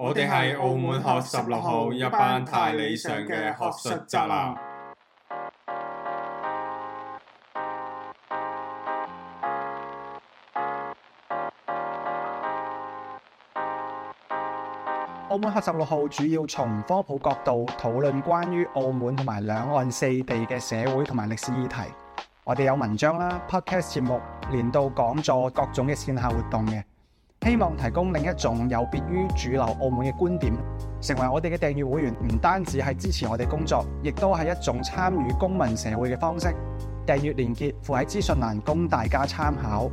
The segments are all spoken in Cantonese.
我哋係澳門學十六號一班太理想嘅學術宅男。澳門學十六號主要從科普角度討論關於澳門同埋兩岸四地嘅社會同埋歷史議題。我哋有文章啦、podcast 節目、年度講座、各種嘅線下活動嘅。希望提供另一種有別於主流澳門嘅觀點，成為我哋嘅訂閱會員，唔單止係支持我哋工作，亦都係一種參與公民社會嘅方式。訂閱連結附喺資訊欄，供大家參考。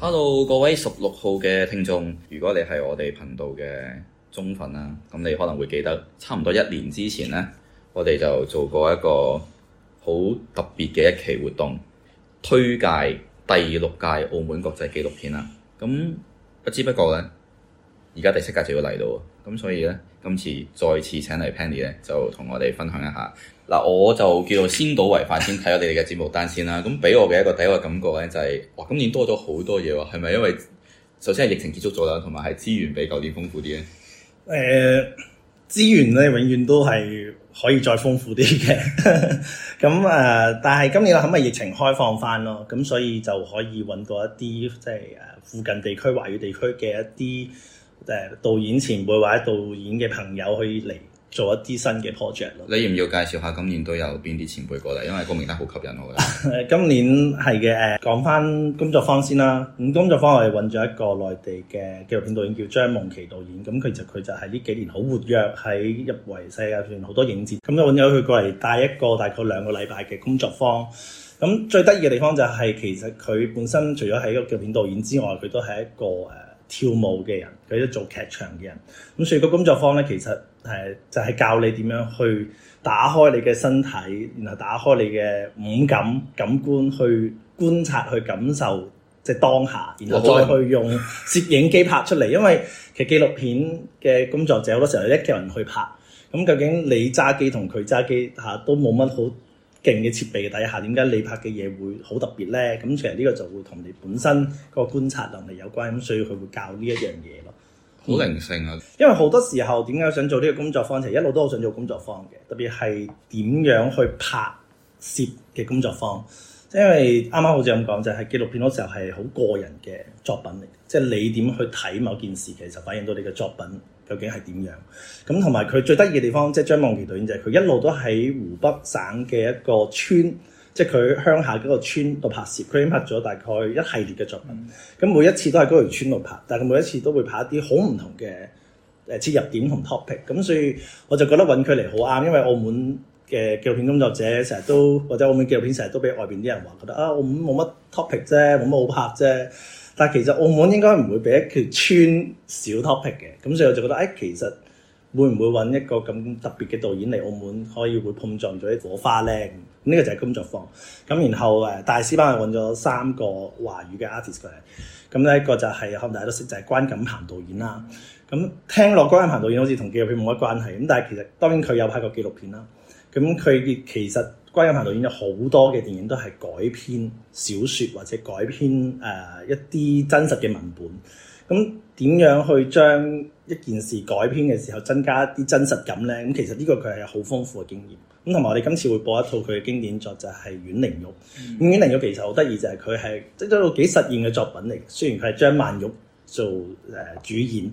Hello，各位十六號嘅聽眾，如果你係我哋頻道嘅忠粉呀，咁你可能會記得差唔多一年之前呢。我哋就做過一個好特別嘅一期活動，推介第六屆澳門國際紀錄片啦。咁不知不覺咧，而家第七屆就要嚟到，咁所以咧，今次再次請嚟 Penny 咧，就同我哋分享一下。嗱，我就叫做先睹為快，先睇你哋嘅節目單先啦。咁俾我嘅一個第一個感覺咧，就係、是、哇，今年多咗好多嘢喎，係咪因為首先係疫情結束咗啦，同埋係資源比舊年豐富啲咧？誒、uh。資源咧，永遠都係可以再豐富啲嘅， 咁、呃、誒，但係今年啊，肯咪疫情開放返咯，咁所以就可以揾到一啲即係誒附近地區、華語地區嘅一啲誒、呃、導演前輩或者導演嘅朋友去嚟。做一啲新嘅 project 咯。你要唔要介紹下今年都有邊啲前輩過嚟？因為個名單好吸引我嘅。 今年係嘅，誒講翻工作坊先啦。咁、嗯、工作坊我哋揾咗一個內地嘅紀錄片導演叫張夢琪導演。咁其實佢就係呢幾年好活躍喺入圍世界上好多影節。咁就揾咗佢過嚟帶一個大概兩個禮拜嘅工作坊。咁最得意嘅地方就係、是、其實佢本身除咗係一個紀錄片導演之外，佢都係一個誒、呃、跳舞嘅人，佢都做劇場嘅人。咁所以個工作坊咧，其實～誒就係、是、教你點樣去打開你嘅身體，然後打開你嘅五感感官去觀察、去感受即係當下，然後再去用攝影機拍出嚟。因為其實紀錄片嘅工作者好多時候係一個人去拍，咁究竟你揸機同佢揸機吓都冇乜好勁嘅設備嘅底下，點解你拍嘅嘢會好特別咧？咁其實呢個就會同你本身個觀察能力有關，咁所以佢會教呢一樣嘢咯。好靈性啊！因為好多時候點解我想做呢個工作坊，其實一路都好想做工作坊嘅，特別係點樣去拍攝嘅工作坊。即因為啱啱好似咁講，就係紀錄片嗰時候係好個人嘅作品嚟，即係你點去睇某件事，其實反映到你嘅作品究竟係點樣。咁同埋佢最得意嘅地方，即係張夢奇導演就係，佢一路都喺湖北省嘅一個村。即係佢鄉下嗰個村度拍攝，佢已經拍咗大概一系列嘅作品，咁、嗯、每一次都喺嗰條村度拍，但佢每一次都會拍一啲好唔同嘅誒切入點同 topic，咁所以我就覺得揾佢嚟好啱，因為澳門嘅紀錄片工作者成日都或者澳門紀錄片成日都俾外邊啲人話覺得啊澳門冇乜 topic 啫，冇乜好拍啫，但係其實澳門應該唔會俾一條村少 topic 嘅，咁所以我就覺得誒、欸、其實。會唔會揾一個咁特別嘅導演嚟澳門，可以會碰撞咗啲火花咧？咁呢個就係工作坊。咁然後誒，大師班係揾咗三個華語嘅 artist 嚟。咁第一個就係、是、可能大家都識，就係、是、關錦鵬導演啦。咁聽落關錦鵬導演好似同紀錄片冇乜關係。咁但係其實當然佢有拍過紀錄片啦。咁佢其實關錦鵬導演有好多嘅電影都係改編小說或者改編誒、呃、一啲真實嘅文本。咁點樣去將一件事改編嘅時候增加一啲真實感咧，咁其實呢個佢係好豐富嘅經驗。咁同埋我哋今次會播一套佢嘅經典作就係《阮玲玉》。Mm-hmm.《阮玲玉》其實好得意，就係佢係即係一個幾實驗嘅作品嚟。雖然佢係張曼玉做誒主演，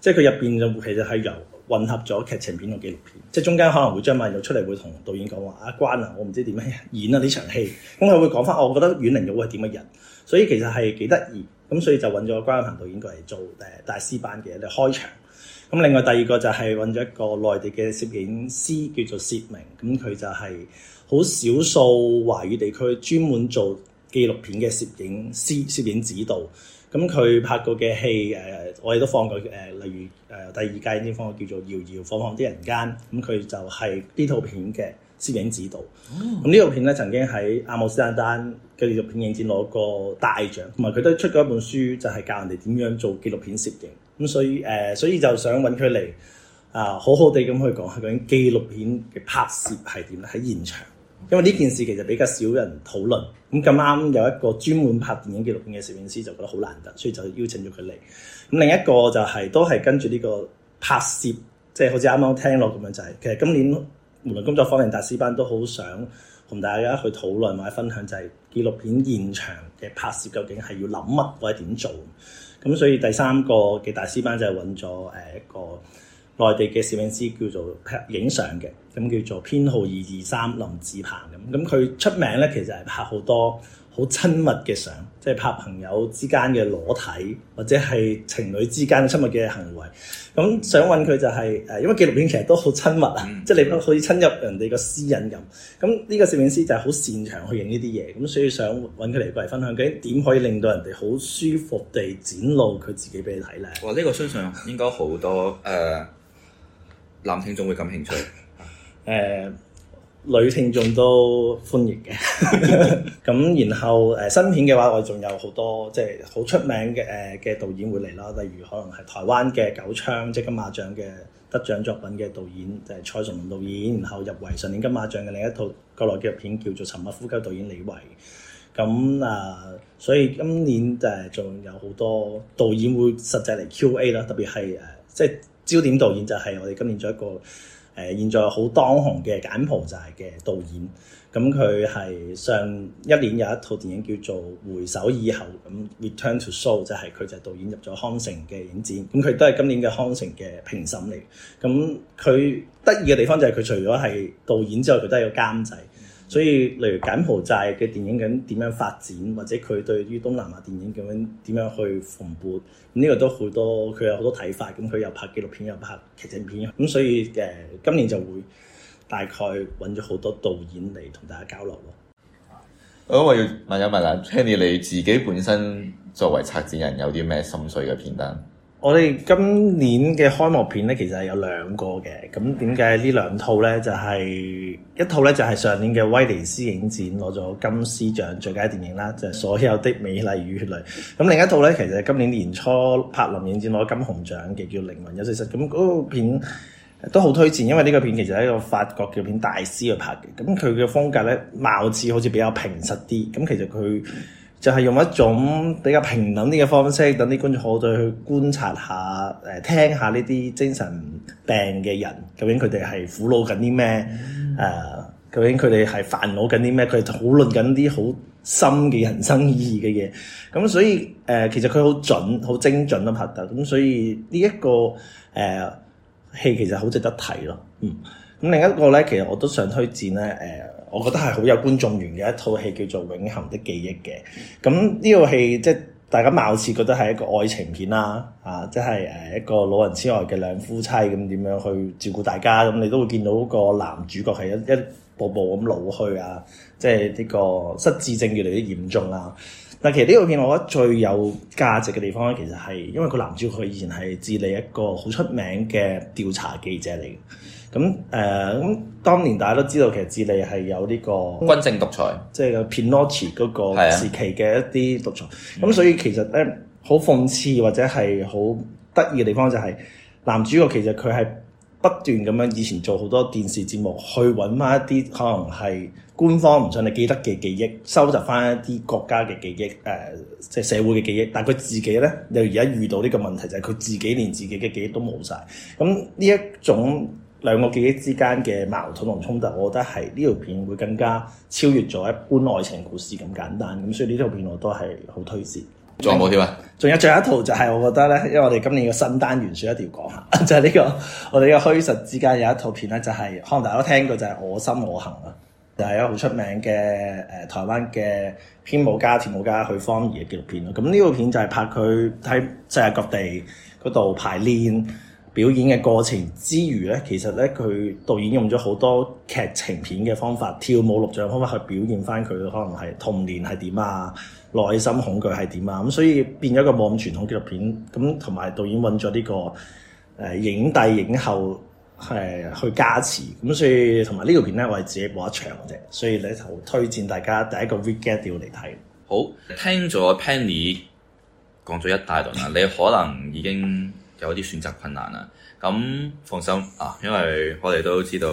即係佢入邊就其實係由混合咗劇情片同紀錄片，即係中間可能會張曼玉出嚟會同導演講話：「阿關啊，我唔知點樣演啊呢場戲」。咁佢會講翻，我覺得《阮玲玉》係點嘅人，所以其實係幾得意。咁所以就揾咗關恩平導演過嚟做誒大師班嘅，嚟開場。咁另外第二個就係揾咗一個內地嘅攝影師叫做薛明，咁佢就係好少數華語地區專門做紀錄片嘅攝影師、攝影指導。咁佢、嗯、拍過嘅戲，誒、呃，我哋都放過誒、呃，例如誒、呃、第二屆呢方叫做《搖搖晃晃啲人間》，咁、嗯、佢就係呢套片嘅攝影指導。咁、嗯、呢套片咧，曾經喺阿姆斯丹丹嘅紀錄片影展攞過大獎，同埋佢都出過一本書，就係、是、教人哋點樣做紀錄片攝影。咁、嗯、所以誒、呃，所以就想揾佢嚟啊，好好地咁去講下究竟紀錄片嘅拍攝係點咧，喺現場。因為呢件事其實比較少人討論，咁咁啱有一個專門拍電影紀錄片嘅攝影師就覺得好難得，所以就邀請咗佢嚟。咁另一個就係都係跟住呢個拍攝，即係好似啱啱聽落咁樣就係，其實今年無論工作坊定大師班都好想同大家去討論或者分享，就係紀錄片現場嘅拍攝究竟係要諗乜或者點做。咁所以第三個嘅大師班就係揾咗誒一個。內地嘅攝影師叫做拍影相嘅，咁叫做編號二二三，林志鵬。咁。咁佢出名咧，其實係拍好多好親密嘅相，即係拍朋友之間嘅裸體，或者係情侶之間嘅親密嘅行為。咁想揾佢就係、是、誒，因為紀錄片其實都好親密啊，嗯、即係你可以親入人哋個私隱咁。咁呢個攝影師就係好擅長去影呢啲嘢，咁所以想揾佢嚟過嚟分享究竟點可以令到人哋好舒服地展露佢自己俾你睇咧。哇！呢、這個相信應該好多誒～、uh 男聽眾會感興趣，誒、呃、女聽眾都歡迎嘅。咁 然後誒、呃、新片嘅話，我仲有好多即係好出名嘅誒嘅導演會嚟啦。例如可能係台灣嘅九槍，即金馬獎嘅得獎作品嘅導演就是、蔡崇隆導演。然後入圍上年金馬獎嘅另一套國內嘅片叫做《沉默呼救》導演李維。咁啊、呃，所以今年就係仲有好多導演會實際嚟 Q&A 啦，特別係誒即。焦點導演就係我哋今年做一個，誒、呃、現在好當紅嘅柬埔寨嘅導演，咁佢係上一年有一套電影叫做《回首以後》，咁《Return to Seoul》就係、是、佢就導演入咗康城嘅影展，咁佢都係今年嘅康城嘅評審嚟，咁佢得意嘅地方就係佢除咗係導演之外，佢都係個監製。所以例如柬埔寨嘅電影究竟點樣發展，或者佢對於東南亞電影咁樣點樣去蓬勃，呢、嗯呢個都好多佢有好多睇法。咁佢又拍紀錄片，又拍劇情片，咁、嗯、所以誒、呃、今年就會大概揾咗好多導演嚟同大家交流咯。好、哦，我要問一問啦 Penny 你自己本身作為策展人有啲咩心水嘅片單？我哋今年嘅開幕片咧，其實係有兩個嘅。咁點解呢兩套呢？就係一套呢，就係上年嘅威尼斯影展攞咗金獅獎最佳電影啦，就係《所有的美麗與血淚》。咁另一套呢，其實係今年年初柏林影展攞金熊獎嘅叫《靈魂休息室》。咁嗰個片都好推薦，因為呢個片其實係一個法國嘅片大師去拍嘅。咁佢嘅風格呢，貌似好似比較平實啲。咁其實佢。就係用一種比較平等啲嘅方式，等啲觀眾可對去觀察下，誒聽下呢啲精神病嘅人究竟佢哋係苦惱緊啲咩？誒、嗯呃、究竟佢哋係煩惱緊啲咩？佢哋討論緊啲好深嘅人生意義嘅嘢。咁所以誒、呃，其實佢好準、好精準咯，拍得。咁所以呢、這、一個誒、呃、戲其實好值得睇咯。嗯。咁另一個咧，其實我都想推薦咧誒。呃我覺得係好有觀眾緣嘅一套戲，叫做《永恆的記憶》嘅。咁呢套戲即係大家貌似覺得係一個愛情片啦，啊，即係誒一個老人癡呆嘅兩夫妻咁點樣去照顧大家咁，你都會見到個男主角係一一步步咁老去啊，即係呢個失智症越嚟越嚴重啊。嗱，其實呢部片我覺得最有價值嘅地方咧，其實係因為個男主角以前係智利一個好出名嘅調查記者嚟嘅。咁誒，咁、呃、當年大家都知道，其實智利係有呢、這個軍政獨裁，即係個 Pinochet 嗰個時期嘅一啲獨裁。咁、啊、所以其實咧，好諷刺或者係好得意嘅地方就係男主角其實佢係不斷咁樣以前做好多電視節目去揾翻一啲可能係。官方唔信你記得嘅記憶，收集翻一啲國家嘅記憶，誒、呃，即係社會嘅記憶。但係佢自己咧，又而家遇到呢個問題，就係、是、佢自己連自己嘅記憶都冇晒。咁、嗯、呢一種兩個記憶之間嘅矛盾同衝突，我覺得係呢套片會更加超越咗一般愛情故事咁簡單。咁所以呢套片我都係好推薦。仲有冇添啊？仲有最後一套就係我覺得咧，因為我哋今年嘅新單元想一定要講，就係、是、呢、這個我哋嘅虛實之間有一套片咧、就是，就係可能大家都聽過就係《我心我行》啊。就係一個好出名嘅，誒、呃、台灣嘅編舞家、跳舞家許芳宜嘅紀錄片咯。咁呢部片就係拍佢喺世界各地嗰度排練表演嘅過程之餘咧，其實咧佢導演用咗好多劇情片嘅方法、跳舞錄像方法去表現翻佢可能係童年係點啊、內心恐懼係點啊。咁所以變咗一個冇咁傳統紀錄片。咁同埋導演揾咗呢個誒、呃、影帝、影后。係去加持，咁所以同埋呢條片咧，我係自己播一場嘅啫，所以咧就推薦大家第一個 reget 掉嚟睇。好，聽咗 Penny 講咗一大輪啦， 你可能已經有啲選擇困難啦。咁放心啊，因為我哋都知道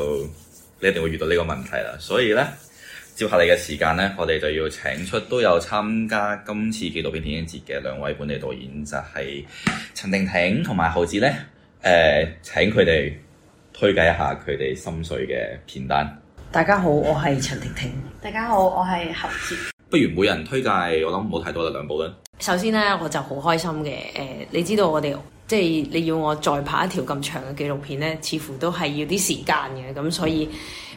你一定會遇到呢個問題啦，所以咧接下嚟嘅時間咧，我哋就要請出都有參加今次紀錄片電影節嘅兩位本地導演，就係、是、陳婷婷同埋豪子咧。誒的、呃，請佢哋。推介一下佢哋心水嘅片單。大家好，我係陳婷婷。大家好，我係合捷。不如每人推介，我諗冇太多啦，兩部啦。首先呢，我就好開心嘅。誒、呃，你知道我哋即係你要我再拍一條咁長嘅紀錄片呢，似乎都係要啲時間嘅。咁所以誒、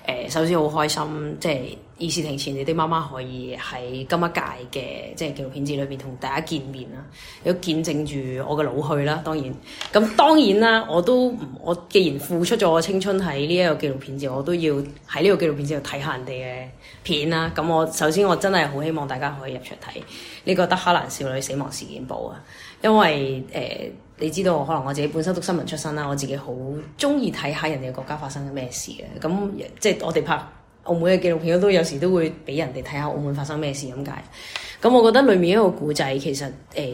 嗯呃，首先好開心，即係。二事庭前，你啲媽媽可以喺今一屆嘅即係紀錄片節裏邊同大家見面啦，亦都見證住我嘅老去啦。當然，咁當然啦，我都我既然付出咗青春喺呢一個紀錄片節，我都要喺呢個紀錄片節度睇下人哋嘅片啦。咁我首先我真係好希望大家可以入場睇呢、這個《德黑蘭少女死亡事件簿》啊，因為誒、呃、你知道可能我自己本身讀新聞出身啦，我自己好中意睇下人哋國家發生咗咩事嘅。咁即係我哋拍。澳門嘅紀錄片都有時都會俾人哋睇下澳門發生咩事咁解，咁我覺得裡面一個故仔其實誒、呃、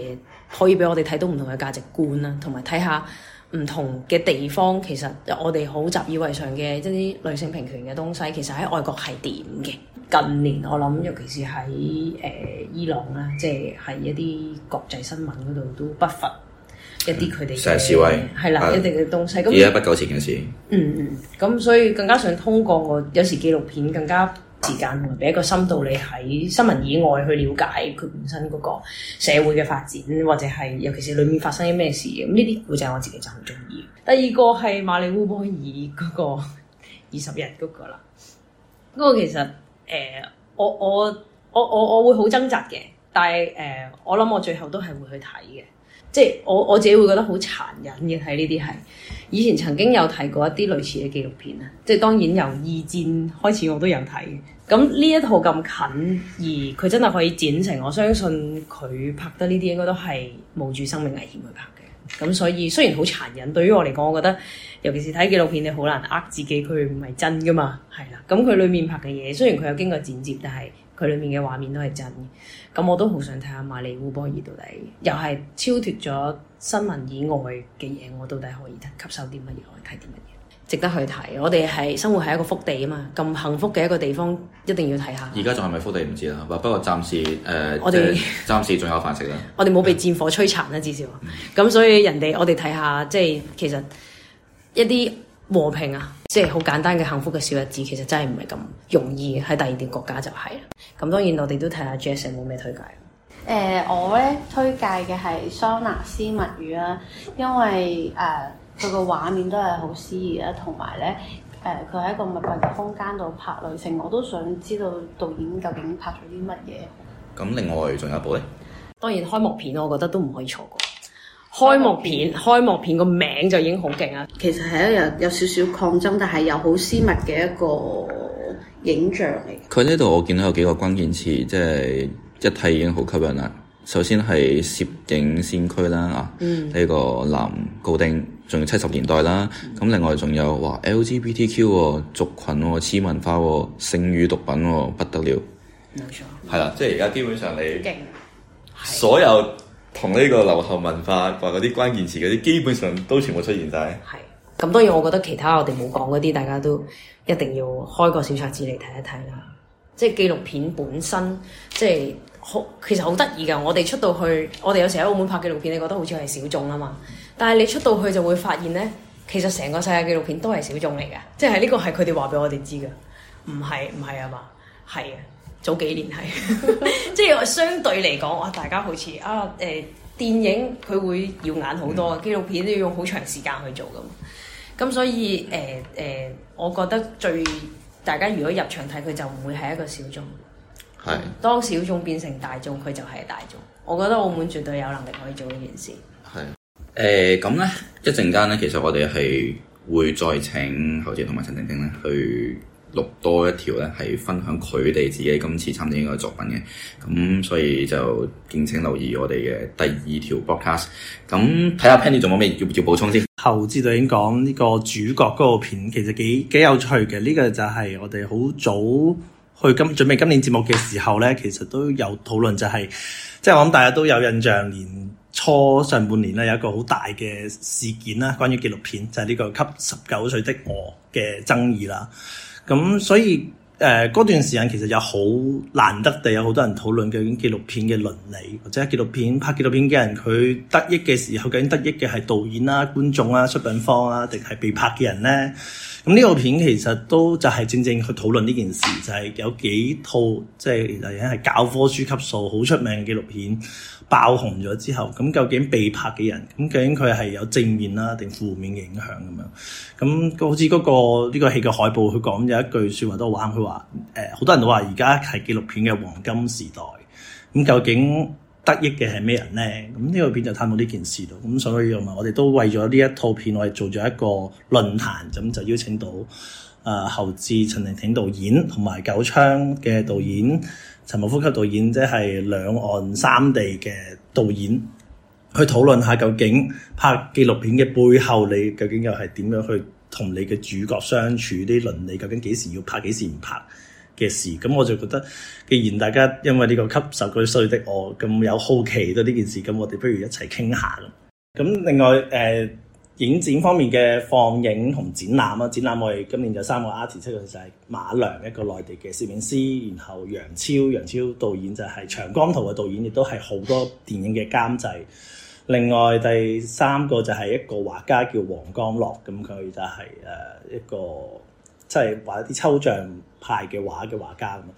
可以俾我哋睇到唔同嘅價值觀啦，看看同埋睇下唔同嘅地方其實我哋好習以為常嘅即啲女性平權嘅東西，其實喺外國係點嘅？近年我諗，尤其是喺誒、呃、伊朗啦，即係喺一啲國際新聞嗰度都不乏。一啲佢哋嘅係啦，一定嘅東西咁，而家不久前嘅事。嗯嗯，咁、嗯、所以更加想通過我有時紀錄片更加時間同埋俾一個深度你喺新聞以外去了解佢本身嗰個社會嘅發展，或者係尤其是裡面發生啲咩事咁，呢啲故事我自己就好中意。第二個係馬里烏波爾嗰、那個二十 日嗰個啦，嗰、那個其實誒、呃，我我我我我會好掙扎嘅，但係誒、呃，我諗我最後都係會去睇嘅。即係我我自己會覺得好殘忍嘅睇呢啲係，以前曾經有睇過一啲類似嘅紀錄片啊。即係當然由二戰開始我都有睇，咁、嗯、呢一套咁近而佢真係可以剪成，我相信佢拍得呢啲應該都係冒住生命危險去拍嘅。咁、嗯、所以雖然好殘忍，對於我嚟講，我覺得尤其是睇紀錄片，你好難呃自己佢唔係真㗎嘛，係啦。咁、嗯、佢、嗯嗯、裡面拍嘅嘢雖然佢有經過剪接，但係，佢裏面嘅畫面都係真嘅，咁我都好想睇下馬利烏波爾到底又係超脫咗新聞以外嘅嘢，我到底可以吸收啲乜嘢，可以睇啲乜嘢？值得去睇。我哋係生活係一個福地啊嘛，咁幸福嘅一個地方，一定要睇下。而家仲係咪福地唔知啦，不過暫時誒，呃、我哋們暫時仲有飯食啦。 我哋冇被戰火摧殘啦，至少。咁、嗯、所以人哋我哋睇下，即係其實一啲。和平啊，即係好簡單嘅幸福嘅小日子，其實真係唔係咁容易喺第二啲國家就係啦。咁當然我哋都睇下 Jason 冇咩推介。誒、呃，我咧推介嘅係桑拿私密語啦，因為誒佢個畫面都係好詩意啊。同埋咧誒佢喺一個密閉嘅空間度拍女性，我都想知道導演究竟拍咗啲乜嘢。咁另外仲有一部咧，當然開幕片我覺得都唔可以錯過。開幕片，開幕片個名就已經好勁啊！其實係一日有少少抗爭，但係又好私密嘅一個影像嚟。佢呢度我見到有幾個關鍵詞，即係一睇已經好吸引啦。首先係攝影先驅啦，啊、嗯，呢個男高定，仲有七十年代啦。咁、嗯、另外仲有哇 LGBTQ、啊、族群、啊，次文化、啊，性與毒品、啊，不得了，冇錯，係啦，即係而家基本上你，所有。同呢個流行文化話嗰啲關鍵詞嗰啲，基本上都全部出現晒。係咁，當然我覺得其他我哋冇講嗰啲，大家都一定要開個小冊子嚟睇一睇啦。即係紀錄片本身，即係好其實好得意㗎。我哋出到去，我哋有時喺澳門拍紀錄片，你覺得好似係小眾啊嘛。但係你出到去就會發現呢，其實成個世界紀錄片都係小眾嚟嘅，即係呢個係佢哋話俾我哋知嘅，唔係唔係啊嘛，係啊。早幾年係， 即係相對嚟講，哇！大家好似啊，誒、呃、電影佢會耀眼好多，嗯、紀錄片都要用好長時間去做㗎嘛。咁所以誒誒、呃呃，我覺得最大家如果入場睇，佢就唔會係一個小眾。係是的 當小眾變成大眾，佢就係大眾。我覺得澳門絕對有能力可以做呢件事是的、呃。係誒咁咧，一陣間呢，其實我哋係會再請侯姐同埋陳婷婷咧去。錄多一條咧，係分享佢哋自己今次參展嘅作品嘅，咁所以就敬請留意我哋嘅第二條 broadcast。咁睇下 Penny 仲有咩要要補充先？後節就已經講呢個主角嗰個片，其實幾幾有趣嘅。呢、這個就係我哋好早去今準備今年節目嘅時候咧，其實都有討論、就是，就係即係我諗大家都有印象，年初上半年咧有一個好大嘅事件啦，關於紀錄片就係、是、呢、這個《給十九歲的我的》嘅、哦、爭議啦。咁、嗯、所以誒嗰、呃、段時間其實有好難得地有好多人討論究竟紀錄片嘅倫理，或者紀錄片拍紀錄片嘅人佢得益嘅時候，究竟得益嘅係導演啦、啊、觀眾啦、啊、出品方啊，定係被拍嘅人咧？咁呢個片其實都就係正正去討論呢件事，就係有幾套即係係教科書級數好出名嘅紀錄片爆紅咗之後，咁究竟被拍嘅人，咁究竟佢係有正面啦定負面嘅影響咁樣？咁好似嗰個呢個戲嘅海報，佢講有一句説話都玩，佢話誒好多人都話而家係紀錄片嘅黃金時代，咁究竟，得益嘅係咩人呢？咁呢個片就探討呢件事咯。咁所以同埋我哋都為咗呢一套片，我哋做咗一個論壇，咁就邀請到誒、呃、侯志、陳婷婷導演，同埋九槍嘅導演、陳茂夫級導演，即係兩岸三地嘅導演，去討論下究竟拍紀錄片嘅背後，你究竟又係點樣去同你嘅主角相處？啲倫理究竟幾時要拍，幾時唔拍？嘅事，咁我就覺得，既然大家因為呢個吸收佢衰的我咁有好奇到呢件事，咁我哋不如一齊傾下咯。咁另外誒影、呃、展方面嘅放映同展覽啊，展覽我哋今年就三個 artist 出嚟，就係、是、馬良一個內地嘅攝影師，然後楊超楊超導演就係長江圖嘅導演，亦都係好多電影嘅監製。另外第三個就係一個畫家叫黃光樂，咁佢就係、是、誒、呃、一個。即係畫一啲抽象派嘅畫嘅畫家咁啊，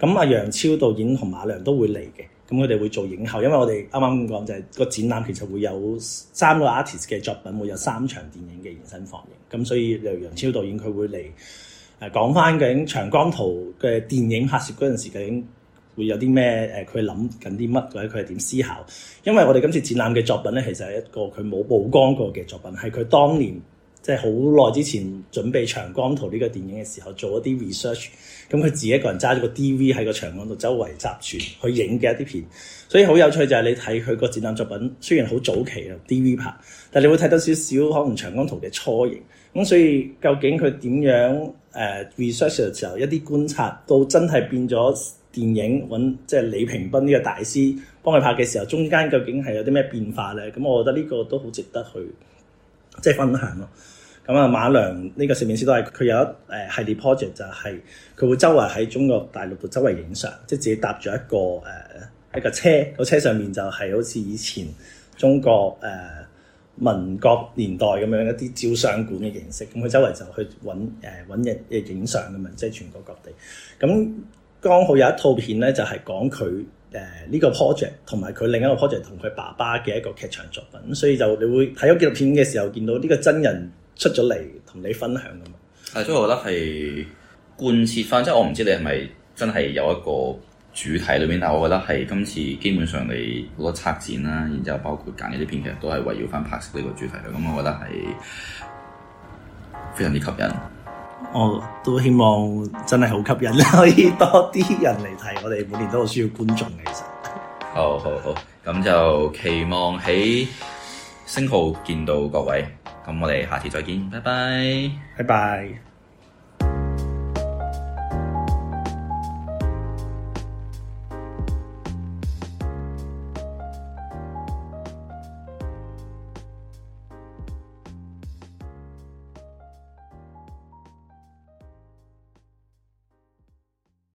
咁阿楊超導演同馬良都會嚟嘅，咁佢哋會做影後。因為我哋啱啱咁講就係個展覽其實會有三個 artist 嘅作品，會有三場電影嘅延伸放映，咁所以由楊超導演佢會嚟誒講翻緊長江圖嘅電影拍攝嗰陣時究竟會有啲咩誒，佢諗緊啲乜，或者佢係點思考，因為我哋今次展覽嘅作品咧，其實係一個佢冇曝光過嘅作品，係佢當年。即係好耐之前準備長江圖呢個電影嘅時候，做，做一啲 research，咁佢自己一個人揸咗個 DV 喺個長江度周圍集住去影嘅一啲片，所以好有趣就係你睇佢個戰狼作品，雖然好早期啊，DV 拍，但係你會睇到少少可能長江圖嘅初型。咁所以究竟佢點樣誒 research 嘅時候，一啲觀察到真係變咗電影揾即係李屏賓呢個大師幫佢拍嘅時候，中間究竟係有啲咩變化咧？咁我覺得呢個都好值得去即係分享咯。咁啊、嗯，馬良呢個攝影師都係佢有一誒系列 project 就係佢會周圍喺中國大陸度周圍影相，即係自己搭住一個誒、呃、一個車，個車上面就係好似以前中國誒、呃、民國年代咁樣一啲照相館嘅形式。咁佢周圍就去揾誒揾人影相咁啊，即係全國各地。咁、嗯、剛好有一套片咧，就係、是、講佢誒呢個 project 同埋佢另一個 project 同佢爸爸嘅一個劇場作品。所以就你會睇咗紀錄片嘅時候，見到呢個真人。出咗嚟同你分享噶嘛？係，所以我覺得係貫徹翻。即係我唔知你係咪真係有一個主題裏邊，但係我覺得係今次基本上你好多策展啦，然之後包括揀呢啲片，其實都係圍繞翻拍攝呢個主題嘅。咁、嗯、我覺得係非常之吸引。我都希望真係好吸引，可以多啲人嚟睇。我哋每年都好需要觀眾嘅，其實。 好好好，咁就期望喺星號見到各位。咁我哋下次再見，拜拜，拜拜。